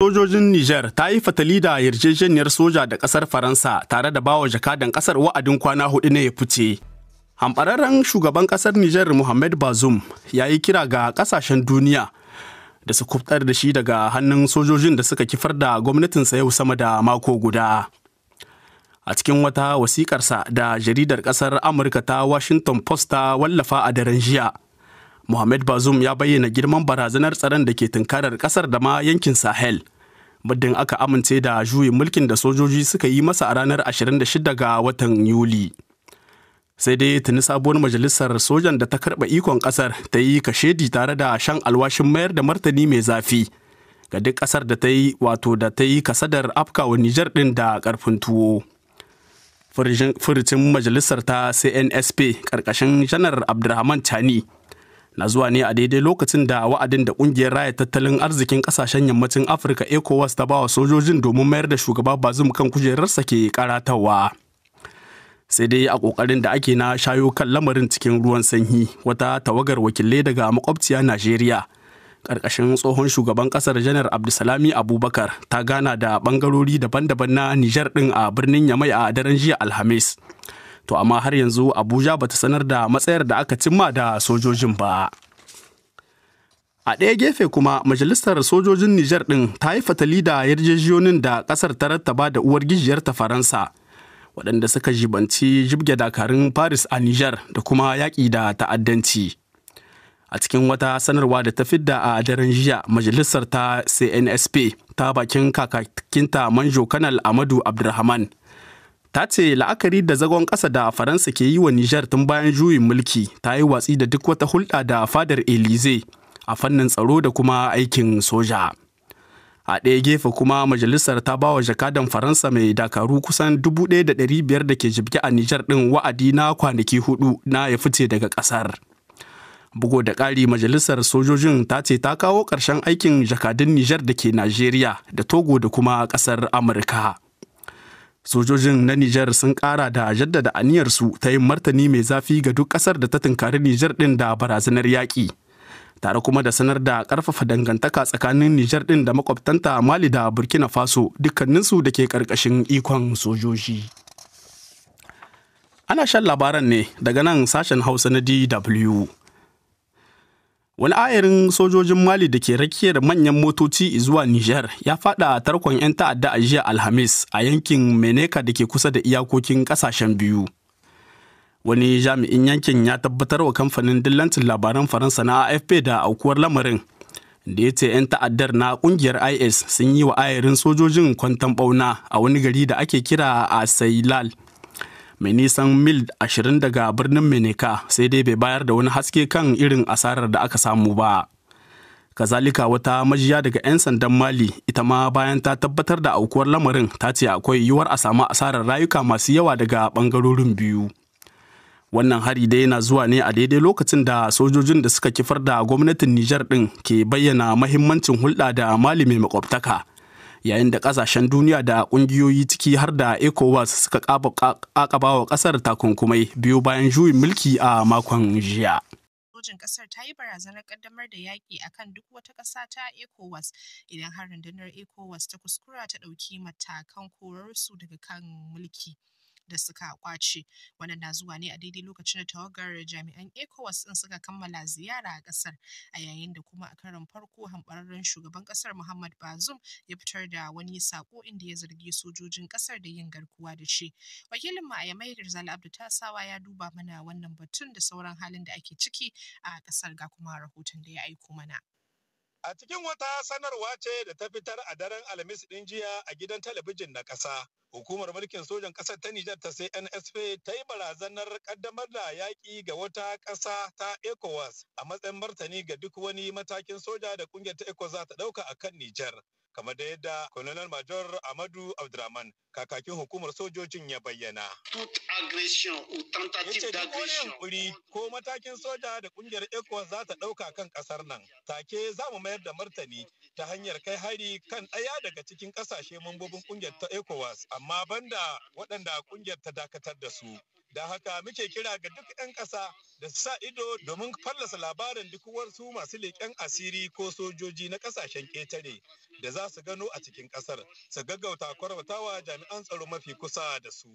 Sojojin Nijar ta yi fatali da yarjejeniyar soja da ƙasar Faransa tare da bawa jakadan ƙasar wa'adin kwana hudu ne ya fice. Hamɓararren shugaban ƙasar Nijar Muhammad Bazoum ya yi kira ga ƙasashen duniya da su kubtar da shi daga hannun sojojin da suka kifar da gwamnatinsa yau sama da mako guda. A cikin wata wasiƙarsa da jaridar ƙasar Amurka ta Washington Post ta wallafa a daren jiya. Mohamed Bazoum ya bayyana girman barazanar tsaron da ke tunkarar kasar da ma yankin Sahel. Muddin aka amince da juyin mulkin da sojoji suka yi masa a ranar 26 ga watan Yuli. Sai dai tuni sabuwar majalisar sojan da ta karɓa ikon ƙasar ta yi kashedi tare da shan alwashin mayar da martani mai zafi ga duk ƙasar da ta yi wato da ta yi kasadar afkawa Nijar ɗin da ƙarfin tuwo. Furucin majalisar ta CNSP ƙarƙashin janar Abdulrahman Chani. na zuwa ne a daidai lokacin da wa'adin da kungiyar raya tattalin arzikin kasashen yammacin afirka ecowas ta bawa sojojin domin mayar da shugaba bazum kan kujerarsa ke karatawa sai dai a kokarin da ake na shayo kan lamarin cikin ruwan sanyi wata tawagar wakilai daga makwabciya najeriya karkashin tsohon shugaban kasar janar abdulsalami abubakar ta gana da bangarori daban-daban na nijar din a birnin yamai a daren jiya alhamis to amma har yanzu abuja bata sanar da matsayar da aka cimma da sojojin ba a ɗaya gefe kuma majalisar sojojin Nijar ɗin ta yi fatali da yarjejiyonin da ƙasar ta rattaba da uwar gijiyarta faransa waɗanda suka jibanci jibge dakarun paris a Nijar da kuma yaƙi da ta'addanci a cikin wata sanarwa da ta fidda a daren jiya majalisar ta cnsp ta bakin kakakinta manjo kanal amadu abdulrahman ta ce la'akari da zagon ƙasa da faransa ke yi wa nijar tun bayan juyin mulki ta yi watsi da duk wata hulɗa da fadar elize a fannin tsaro da kuma aikin soja a ɗaya gefe kuma majalisar ta ba wa jakadan faransa mai dakaru kusan 1,500 da ke jibge a nijar ɗin wa'adi na kwanaki hudu na ya fice daga ƙasar bugu da ƙari majalisar sojojin ta ce ta kawo ƙarshen aikin jakadun nijar da ke najeriya da togo da kuma ƙasar amurka sojojin na Nijar sun kara da jaddada aniyarsu ta yin martani mai zafi ga duk kasar da ta tunkari Nijar din da barazanar yaƙi. Tare kuma da sanar da ƙarfafa dangantaka tsakanin Nijar din da makwabtanta Mali da Burkina Faso dukkaninsu da ke ƙarƙashin ikon sojoji. Ana shan labaran ne daga nan sashen Hausa na DW. Wani ayarin sojojin Mali da ke rakiyar manyan motoci zuwa Nijar ya fada tarkon 'yan ta'adda a jiya Alhamis a yankin Meneka da ke kusa da iyakokin kasashen biyu. Wani jami'in yankin ya tabbatar wa kamfanin dillancin labaran Faransa na AFP da aukuwar lamarin. Da ya ce 'yan ta'addar na kungiyar IS sun yi wa ayarin sojojin kwantan bauna a wani gari da ake kira a Sailal. mai nisan mil 20 daga birnin Meneka sai dai bai bayar da wani haske kan irin asarar da aka samu ba. Kazalika wata majiya daga 'yan sandan Mali ita ma bayan ta tabbatar da aukuwar lamarin ta ce akwai yiwuwar a samu asarar rayuka masu yawa daga bangarorin biyu. Wannan hari dai yana zuwa ne a daidai lokacin da sojojin da suka kifar da gwamnatin Nijar ɗin ke bayyana mahimmancin hulɗa da Mali mai makwabtaka. yayin da ƙasashen duniya da ƙungiyoyi ciki har da ecowas suka ƙaƙaba wa ƙasar takunkumai biyu bayan juyin mulki a makon jiya. sojin kasar ta yi barazanar kaddamar da yaƙi a kan duk wata ƙasa ta ECOWAS idan har rundunar ECOWAS ta kuskura ta ɗauki matakan korarsu daga kan mulki. da suka kwace wannan na zuwa ne a daidai lokacin da tawagar jami'an ecowas din suka kammala ziyara a kasar a yayin da kuma a karon farko hambararren shugaban kasar muhammad bazum ya fitar da wani sako inda ya zargi sojojin kasar da yin garkuwa da shi wakilin mu a yamai rizal abdu tasawa ya duba mana wannan batun da sauran halin da ake ciki a kasar ga kuma rahoton da ya aiko mana A cikin wata sanarwa ce da ta fitar a daren Alhamis ɗin jiya a gidan talabijin na ƙasa. Hukumar mulkin sojan ƙasar ta Nijar ta sai NSP ta yi barazanar ƙaddamar da yaƙi ga wata ƙasa ta ECOWAS a matsayin martani ga duk wani matakin soja da ƙungiyar ta ECOWAS za ta ɗauka a kan Nijar. kamar da yadda Colonel Major Amadu Abdurrahman kakakin hukumar sojojin ya bayyana. Ya ce duk wani yankuri ko matakin soja da kungiyar ECOWAS za ta ɗauka kan ƙasar nan, take za mu mayar da martani ta hanyar kai hari kan ɗaya daga cikin ƙasashe mambobin kungiyar ta ECOWAS, amma banda waɗanda kungiyar ta dakatar da su. Da haka muke kira ga duk 'yan ƙasa da su sa ido domin fallasa labarin duk wasu masu leƙen asiri ko sojoji na ƙasashen ƙetare da za su gano a cikin ƙasar su gaggauta kwarwatawa jami'an tsaro mafi kusa da su.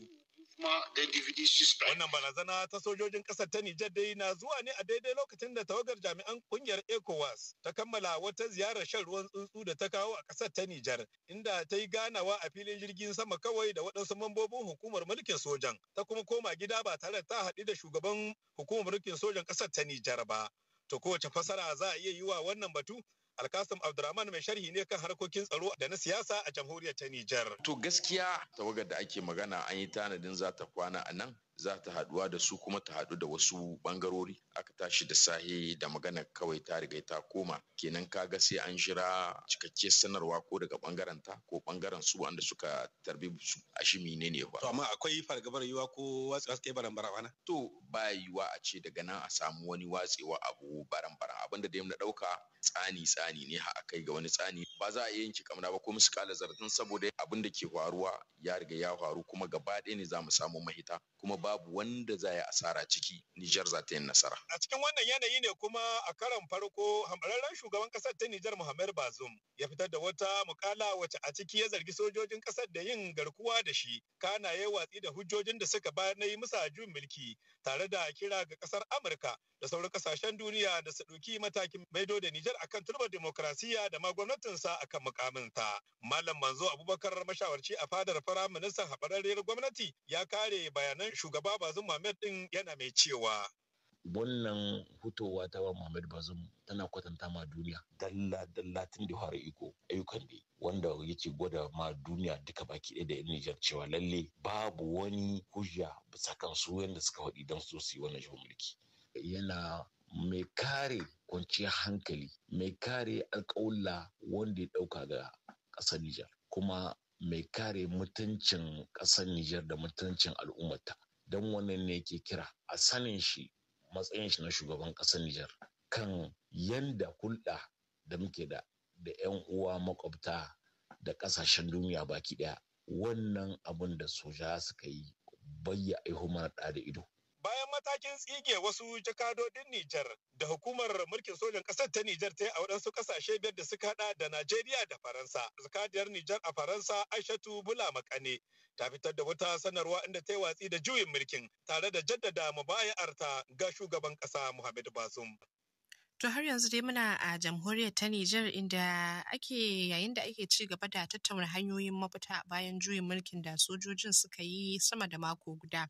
kuma da DVD suspect. Wannan barazana ta sojojin ƙasar ta Nijar dai na zuwa ne a daidai lokacin da tawagar jami'an ƙungiyar ECOWAS ta kammala wata ziyarar shan ruwan tsuntsu da ta kawo a ƙasar ta Nijar inda ta yi ganawa a filin jirgin sama kawai da waɗansu mambobin hukumar mulkin sojan ta kuma koma gida ba tare da ta haɗu da shugaban hukumar mulkin sojan ƙasar ta Nijar ba. To kowace fasara za a iya yi wa wannan batu Alkasim Abdurrahman mai sharhi ne kan harkokin tsaro da na siyasa a jamhuriyar ta Nijar. To gaskiya tawagar da ake magana an yi tanadin za ta kwana a nan za ta haduwa da su kuma ta hadu da wasu bangarori? aka tashi da sahi da magana kawai ta riga ta koma kenan kaga sai an jira cikakke sanarwa ko daga ɓangaren ta ko ɓangaren su wanda suka tarbi su a shi ne ba. To amma akwai fargabar yiwa ko watsewa suka yi barambara To ba yiwa a ce daga nan a samu wani watsewa abu barambara abinda da na ɗauka tsani tsani ne a kai ga wani tsani ba za a iya yanke kamar ba ko mu kala zartin saboda abin da ke faruwa ya riga ya faru kuma gaba ɗaya ne za mu samu mahita kuma babu wanda za ya asara ciki Nijar za ta yi nasara. A cikin wannan yanayi ne kuma a karon farko hambararren shugaban kasar ta Nijar Muhammad Bazoum ya fitar da wata mukala wacce a ciki ya zargi sojojin kasar da yin garkuwa da shi kana ya watsi da hujjojin da suka bayar na yi musa juyin mulki tare da kira ga kasar Amurka da sauran kasashen duniya da su ɗauki matakin maido da Nijar akan turbar demokrasiya da ma gwamnatinsa akan mukaminta. Malam Manzo Abubakar mashawarci a fadar Firaministan haɓararriyar gwamnati ya kare bayanan shugaban shugaba bazum Mohamed din yana mai cewa wannan hutowa ta ba Muhammad Bazum tana kwatanta ma duniya. Dalla dalla tun da fara iko ayyukan ne. wanda yake gwada ma duniya duka baki ɗaya da Nijar cewa lalle babu wani hujja sakan su yadda suka faɗi don su yi wannan shirin mulki. Yana mai kare kwanciyar hankali mai kare alƙawla wanda ya ɗauka ga ƙasar Nijar kuma mai kare mutuncin ƙasar Nijar da mutuncin al'ummata. don wannan ne ke kira a sanin shi matsayin shi na shugaban ƙasar Nijar kan yanda hulɗa da muke da da 'yan uwa makwabta da ƙasashen duniya baki ɗaya wannan abin da soja suka yi bayya aihu ɗa da ido matakin tsige wasu jakadodin Nijar da hukumar mulkin sojan ƙasar ta Nijar ta yi a waɗansu ƙasashe biyar da suka haɗa da Najeriya da Faransa. Zakadiyar Nijar a Faransa Aishatu Bula Makane ta fitar da wata sanarwa inda ta yi watsi da juyin mulkin tare da jaddada mubaya'arta ga shugaban ƙasa Muhammadu Bazum. To har yanzu dai muna a jamhuriyar ta Nijar inda ake yayin da ake ci gaba da tattauna hanyoyin mafita bayan juyin mulkin da sojojin suka yi sama da mako guda.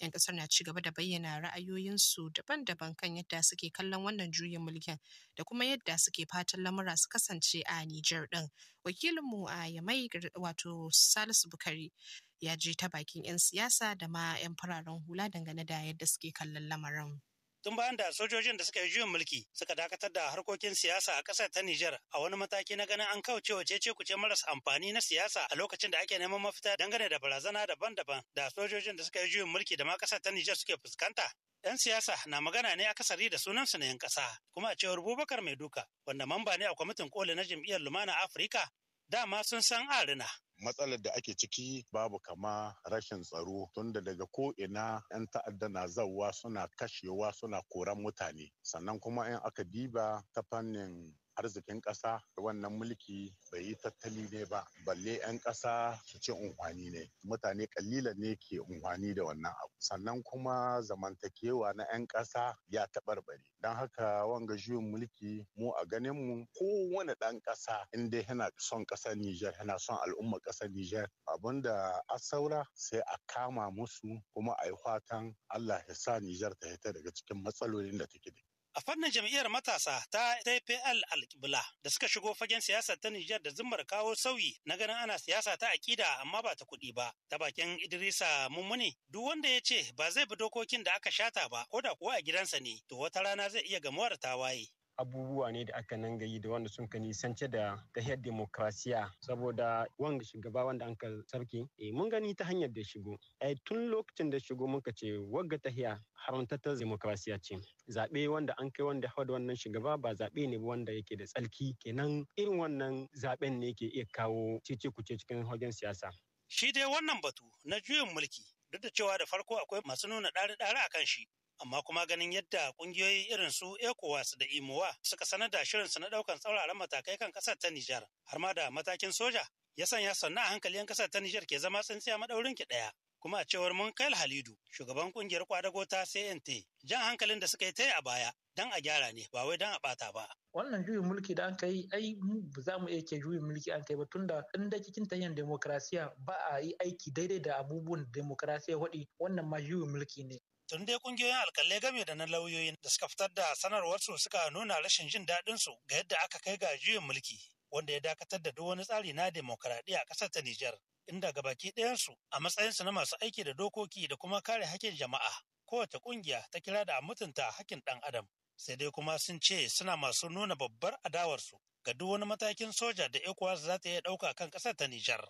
'Yan ƙasar na ci gaba da bayyana ra'ayoyinsu daban-daban kan yadda suke kallon wannan juyin mulkin da kuma yadda suke fatan lamura su kasance a Nijar ɗin. Wakilinmu a Yamai wato Salisu Bukari ya je ta bakin 'yan siyasa da ma 'yan fararen hula dangane da yadda suke kallon lamarin. tun bayan da sojojin da suka yi juyin mulki suka dakatar da harkokin siyasa a ƙasar ta Nijar a wani mataki na ganin an kauce wa cece kuce maras amfani na siyasa a lokacin da ake neman mafita dangane da barazana daban-daban da sojojin da suka yi juyin mulki da ma ƙasar ta Nijar suke fuskanta. 'yan siyasa na magana ne akasari da sunan su na 'yan ƙasa kuma a cewar Bubakar Maiduka Duka wanda mamba ne a kwamitin koli na jam'iyyar Lumana Afirka dama sun san arina matsalar da ake ciki babu kama rashin tsaro tunda daga ko ina 'yan ta'adda na zawwa suna kashewa suna koran mutane sannan kuma in aka diba ta fannin arzikin ƙasa da wannan mulki bai yi tattali ne ba balle 'yan ƙasa su ce unhwani ne mutane kalilan ne ke unhwani da wannan abu sannan kuma zamantakewa na 'yan ƙasa ya taɓarɓare don haka wanga juyin mulki mu a ganin mu kowane ɗan ƙasa in dai yana son ƙasar Nijar yana son al'ummar ƙasar Nijar abinda a saura sai a kama musu kuma a yi fatan Allah ya sa Nijar ta hita daga cikin matsalolin da take da A fannin jam'iyyar matasa ta TPL Alkibla da suka shigo fagen siyasa ta Nijar da zimmar kawo sauyi na ganin ana siyasa ta aƙida amma ba ta kuɗi ba. Ta bakin Idrisa Mummuni duk wanda ya ce ba zai bi dokokin da aka shata ba ko da kuwa a gidansa ne to wata rana zai iya gamuwar tawaye. abubuwa ne da aka nan gayi da wanda sun ka nisance da ta tahiyar demokrasiya saboda wanga shugaba wanda an ka sarki eh, mun gani ta hanyar da shigo ai eh, tun lokacin da shigo muka ce wagga tahiya haramtattar demokrasiya ce zaɓe wanda an kai wanda hawa da wannan shugaba ba zaɓe ne wanda yake da tsarki kenan irin wannan zaɓen ne ke iya kawo cece kuce cikin hagen siyasa shi dai wannan batu na juyin mulki duk da cewa da farko akwai masu nuna ɗari-ɗari a kan shi amma kuma ganin yadda kungiyoyi irin su ECOWAS da Imowa suka sanar da shirinsu na daukan tsauraran matakai kan kasar ta Nijar har ma da matakin soja ya sanya sannan a hankali 'yan kasar ta Nijar ke zama tsintsiya madaurin ki daya kuma a cewar mun kai Halidu shugaban kungiyar kwadago ta CNT jan hankalin da suka yi ta a baya dan a gyara ne ba wai don a bata ba wannan juyin mulki da an yi ai mu ba za mu iya ke juyin mulki an kai ba tunda in da cikin tahiyan demokrasiya ba a yi aiki daidai da abubuwan demokrasiya waɗi wannan ma juyin mulki ne tun dai kungiyoyin alkalai game da na lauyoyin da suka fitar da sanarwarsu suka nuna rashin jin daɗinsu ga yadda aka kai ga juyin mulki wanda ya dakatar da duk wani tsari na demokaradiyya a ƙasar ta Nijar, inda ga baki ɗayansu a matsayinsu na masu aiki da dokoki da kuma kare haƙƙin jama'a. Kowace ƙungiya ta kira da a mutunta haƙƙin ɗan adam. sai dai kuma sun ce suna masu nuna babbar adawarsu ga duk wani matakin soja da ECOWAS za ta iya ɗauka kan ƙasar ta Nijar.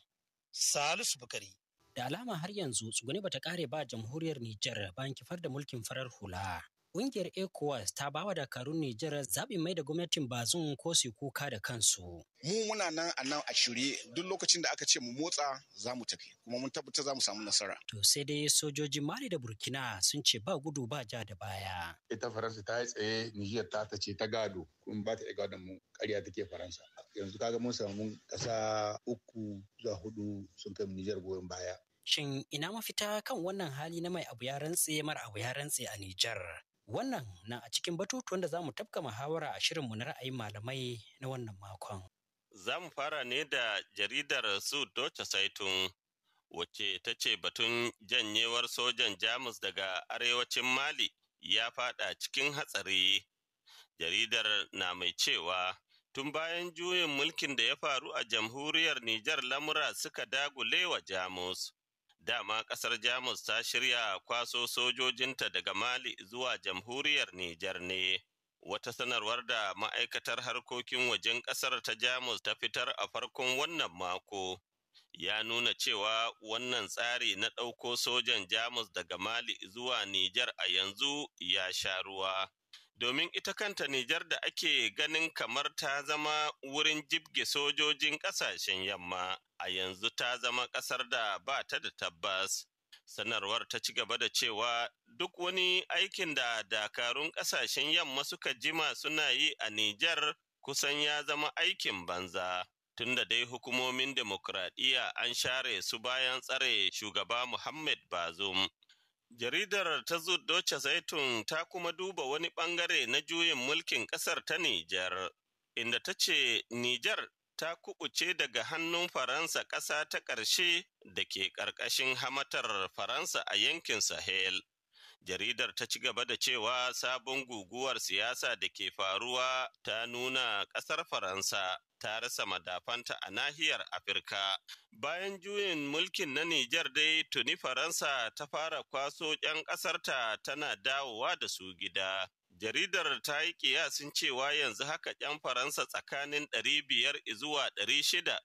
Salisu Bukari. Da alama har yanzu tsuguni bata ƙare ba jamhuriyar Nijar bayan kifar da mulkin farar hula. Ƙungiyar ECOWAS ta bawa dakarun Nijar zaɓin mai da gwamnatin bazun ko su kuka da kansu. Mu muna nan a nan a shirye duk lokacin da aka ce mu motsa za mu tafi kuma mun tabbata za mu samu nasara. To sai dai sojoji Mali da Burkina sun ce ba gudu ba ja da baya. Ita Faransa ta yi tsaye Nijar ta ta ce ta gado kuma ba ta iya gado mu ƙarya take Faransa. Yanzu kaga mun samu ƙasa uku zuwa hudu sun kai Nijar goyon baya. Shin ina mafita kan wannan hali na mai abu ya rantse mara abu ya rantse a Nijar? Wannan na a cikin batutuwan da za mu tafka muhawara a shirinmu na ra'ayin malamai na wannan makon. Za mu fara ne da jaridar su Deutsche Zeitung wacce ta ce batun janyewar sojan Jamus daga arewacin Mali ya fada cikin hatsari. Jaridar na mai cewa tun bayan juyin mulkin da ya faru a jamhuriyar Nijar lamura suka dagule wa Jamus. dama kasar jamus ta shirya kwaso sojojinta daga mali zuwa jamhuriyar nijar ne wata sanarwar da ma'aikatar harkokin wajen kasar ta jamus ta fitar a farkon wannan mako ya nuna cewa wannan tsari na ɗauko sojan jamus daga mali zuwa nijar a yanzu ya sha ruwa domin ita kanta Nijar da ake ganin kamar ta zama wurin jibge sojojin ƙasashen yamma a yanzu ta zama ƙasar da ba ta da tabbas. Sanarwar ta ci gaba da cewa duk wani aikin da dakarun ƙasashen yamma suka jima suna yi a Nijar kusan ya zama aikin banza. Tunda dai hukumomin demokradiyya an share su bayan tsare shugaba Muhammad Bazoum Jaridar ta Doce Zaitun ta kuma duba wani ɓangare na juyin mulkin ƙasar ta Nijar, inda ta ce Nijar ta kuɓuce daga hannun Faransa ƙasa ta ƙarshe da ke ƙarƙashin hamatar Faransa a yankin Sahel. Jaridar ta ci gaba da cewa sabon guguwar siyasa da ke faruwa ta nuna ƙasar Faransa ta rasa madafanta a nahiyar Afirka. Bayan juyin mulkin na Nijar dai tuni Faransa ta fara kwaso 'yan ƙasarta tana dawowa da su gida. Jaridar ta yi kiyasin cewa yanzu haka 'yan Faransa tsakanin 500 zuwa 600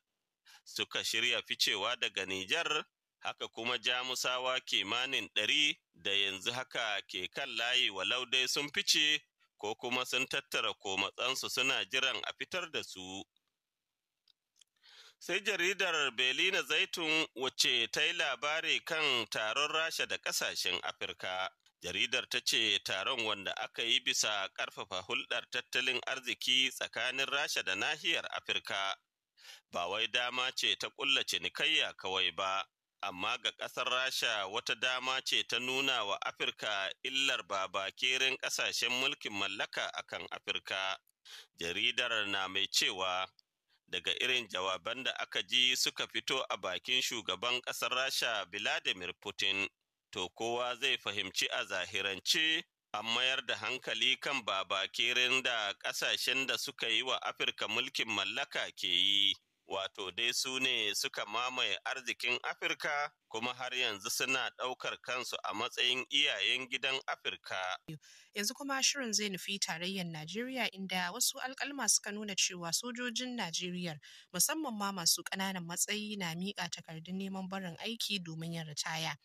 suka shirya ficewa daga Nijar haka kuma jamusawa kimanin ɗari da yanzu haka ke kan layi wa laudai sun fice ko kuma sun tattara komatsansu suna jiran a fitar da su. Sai jaridar Belina Zaitun wace ta yi labari kan taron Rasha da ƙasashen Afirka. Jaridar ta ce taron wanda aka yi bisa ƙarfafa hulɗar tattalin arziki tsakanin Rasha da nahiyar Afirka. Ba wai dama ce ta ƙulla cinikayya kawai ba, amma ga ƙasar Rasha wata dama ce ta nuna wa Afirka illar babakerin ƙasashen mulkin mallaka akan Afirka. Jaridar na mai cewa daga irin jawaban da aka ji suka fito a bakin shugaban ƙasar Rasha Vladimir Putin, to kowa zai fahimci a zahirance an mayar da hankali kan babakerin da ƙasashen da suka yi wa Afirka mulkin mallaka ke yi. wato dai su ne suka mamaye arzikin Afirka kuma har yanzu suna ɗaukar kansu a matsayin iyayen gidan Afirka. Yanzu kuma shirin zai nufi tarayyar Najeriya inda wasu alkalma suka nuna cewa sojojin Najeriya musamman ma masu ƙananan matsayi na miƙa takardun neman barin aiki domin yin ritaya.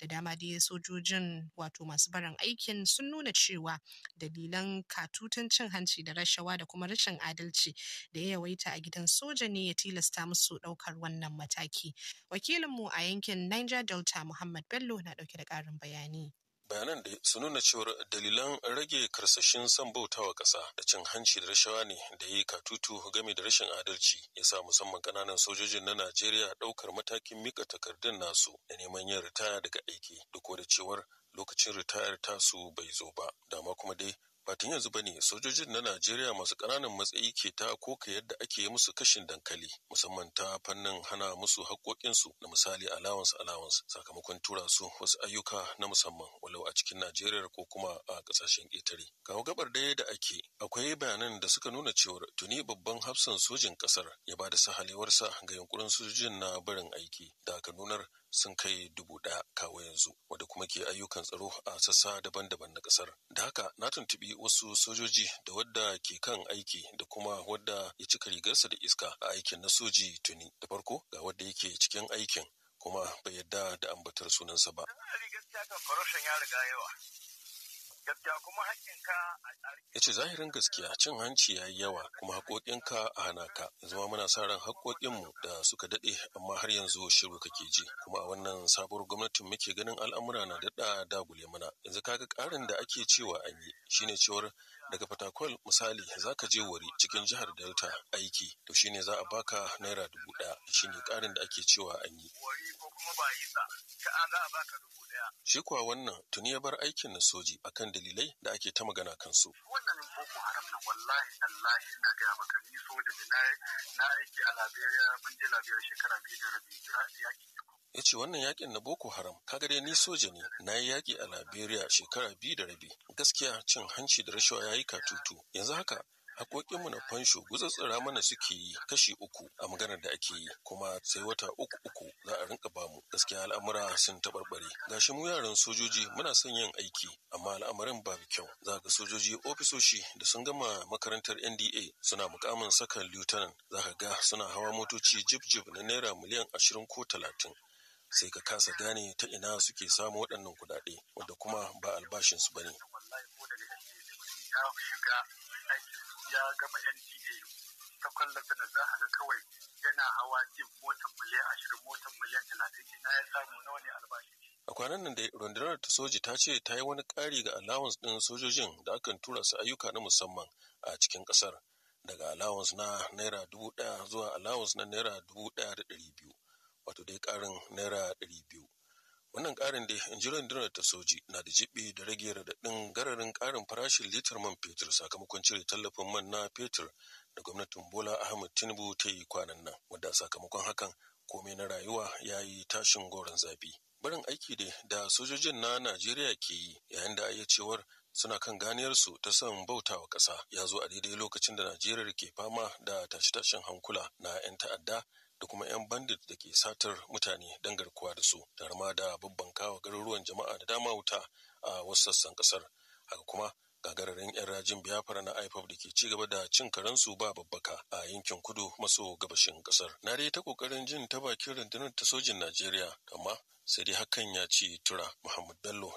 da dama dai sojojin wato masu barin aikin sun nuna cewa dalilan katutun cin hanci da rashawa da kuma rashin adalci da ya yawaita a gidan soja ne ya tilasta musu ɗaukar wannan mataki wakilinmu a yankin niger delta muhammad bello na ɗauke da ƙarin bayani bayanan da su nuna cewar dalilan rage karsashin son bautawa ƙasa da cin hanci da rashawa ne da yi katutu game da rashin adalci ya sa musamman kananan sojojin na najeriya ɗaukar matakin mika takardun nasu da neman yin ritaya daga aiki duk da cewar lokacin ritayar tasu bai zo ba dama kuma dai ba tun yanzu ba ne, sojojin na Najeriya masu ƙananan matsayi ke ta ko ka yadda ake musu kashin dankali musamman ta fannin hana musu haƙoƙinsu na misali allowance allowance sakamakon tura su wasu ayyuka na musamman walau a cikin Najeriya ko kuma a ƙasashen ƙetare. Kawo gabar daya da ake akwai bayanan da suka nuna cewar tuni babban hafsan sojin ƙasar ya ba da sahalewarsa ga yunkurin sojojin na barin aiki da aka nunar sun kai dubu ɗaya kawo yanzu wadda kuma ke ayyukan tsaro a sassa daban-daban na ƙasar. Da haka na tuntuɓi wasu sojoji da wadda ke kan aiki da kuma wadda ya cika rigarsa da iska a aikin na soji tuni. Da farko ga wadda yake cikin aikin kuma bai yadda da ambatar sunansa ba. ya riga yawa. ya ce zahirin gaskiya cin hanci ya yi yawa kuma haƙoƙinka a hana ka zama muna sa ran haƙoƙinmu da suka daɗe amma har yanzu shiru kake ji kuma a wannan sabuwar gwamnatin muke ganin al'amura na daɗa dagule mana yanzu kaga ƙarin da ake cewa an yi shine cewar daga fatakwal misali za ka je wari cikin jihar delta aiki to shine za a baka naira dubu ɗaya shine ƙarin da ake cewa an yi ka'a za a baka dubu ɗaya. Shi kuwa wannan tuni ya bar aikin na soji akan dalilai da ake ta magana kansu. Wannan Boko Haram na wallahi tallahi na gaya maka ni soja ne na aiki a Liberia mun je Liberia shekara biyu da rabi yaƙi ya ce wannan yakin na boko haram kaga dai ni soja ne na yi yaki a liberia shekara biyu da rabi gaskiya cin hanci da rashawa ya yi katutu yanzu haka mu na fansho gutsatsira mana suke yi kashi uku a maganar da ake yi kuma sai wata uku uku za a rinka bamu gaskiya al'amura sun taɓarɓare gashi mu yaran sojoji muna son yin aiki amma al'amarin ba kyau za ga sojoji ofisoshi da sun gama makarantar nda suna mukamin saka lieutenant za ka ga suna hawa motoci jib jib na naira miliyan ashirin ko talatin sai ka kasa gane ta ina suke samun waɗannan kuɗaɗe wanda kuma ba albashinsu ba ne. ya gama nda ta kwallafin da za ga kawai yana hawa jin motar miliyan ashirin motar miliyan talatin ina ya samu na wani albashi a kwanan nan da rundunar ta soji ta ce ta yi wani kari ga allowance ɗin sojojin da aka tura su ayyuka na musamman a cikin ƙasar daga allowance na naira dubu ɗaya zuwa allowance na naira dubu ɗaya da ɗari biyu wato dai ƙarin naira ɗari biyu Wannan ƙarin da injiran dinar ta soji na da jibi da rage radadin gararin karin farashin litar man fetur sakamakon cire tallafin man na fetur da gwamnatin Bola Ahmed Tinubu ta yi kwanan nan, wadda sakamakon hakan komai na rayuwa ya yi tashin goron zafi. Barin aiki ne da sojojin na Najeriya ke yi yayin da ayyacewar cewar suna kan ganiyarsu ta son bautawa ƙasa ya zo a daidai lokacin da Najeriya ke fama da tashe-tashen hankula na 'yan ta'adda da kuma 'yan bandit da ke satar mutane don garkuwa da su da rama da babban kawo garuruwan jama'a da dama wuta a wasu sassan kasar haka kuma gagararin 'yan rajin biyafara na IPOB da ke ci gaba da cin karensu ba babbaka a yankin kudu maso gabashin kasar. Na dai ta kokarin jin ta bakin rundunar ta sojin Najeriya, amma sai dai hakan ya ci tura Muhammad Bello